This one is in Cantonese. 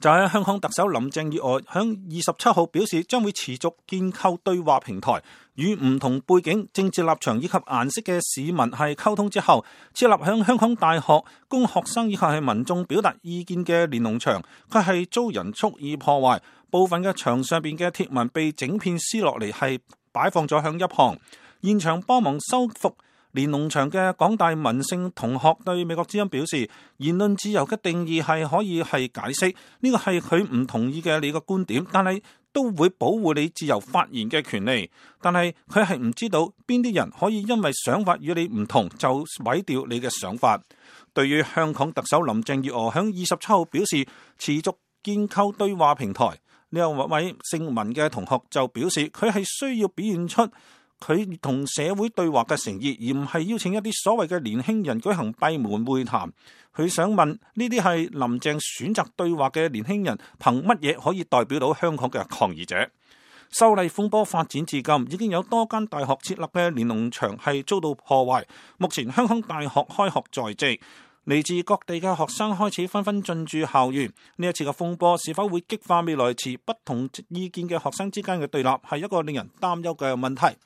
就喺、是、香港特首林鄭月娥響二十七號表示將會持續建構對話平台，與唔同背景、政治立場以及顏色嘅市民係溝通之後，設立響香港大學供學生以及係民眾表達意見嘅連儂牆，佢係遭人蓄意破壞，部分嘅牆上邊嘅貼文被整片撕落嚟，係擺放咗響一旁，現場幫忙修復。連儂牆嘅港大文姓同學對美國之音表示，言論自由嘅定義係可以係解釋呢個係佢唔同意嘅你個觀點，但係都會保護你自由發言嘅權利。但係佢係唔知道邊啲人可以因為想法與你唔同就毀掉你嘅想法。對於香港特首林鄭月娥響二十七號表示持續建構對話平台，呢位姓文嘅同學就表示佢係需要表現出。佢同社會對話嘅誠意，而唔係邀請一啲所謂嘅年輕人舉行閉門會談。佢想問：呢啲係林鄭選擇對話嘅年輕人，憑乜嘢可以代表到香港嘅抗議者？修例風波發展至今，已經有多間大學設立嘅連儂牆係遭到破壞。目前香港大學開學在即，嚟自各地嘅學生開始紛紛進駐校園。呢一次嘅風波是否會激化未來持不同意見嘅學生之間嘅對立，係一個令人擔憂嘅問題。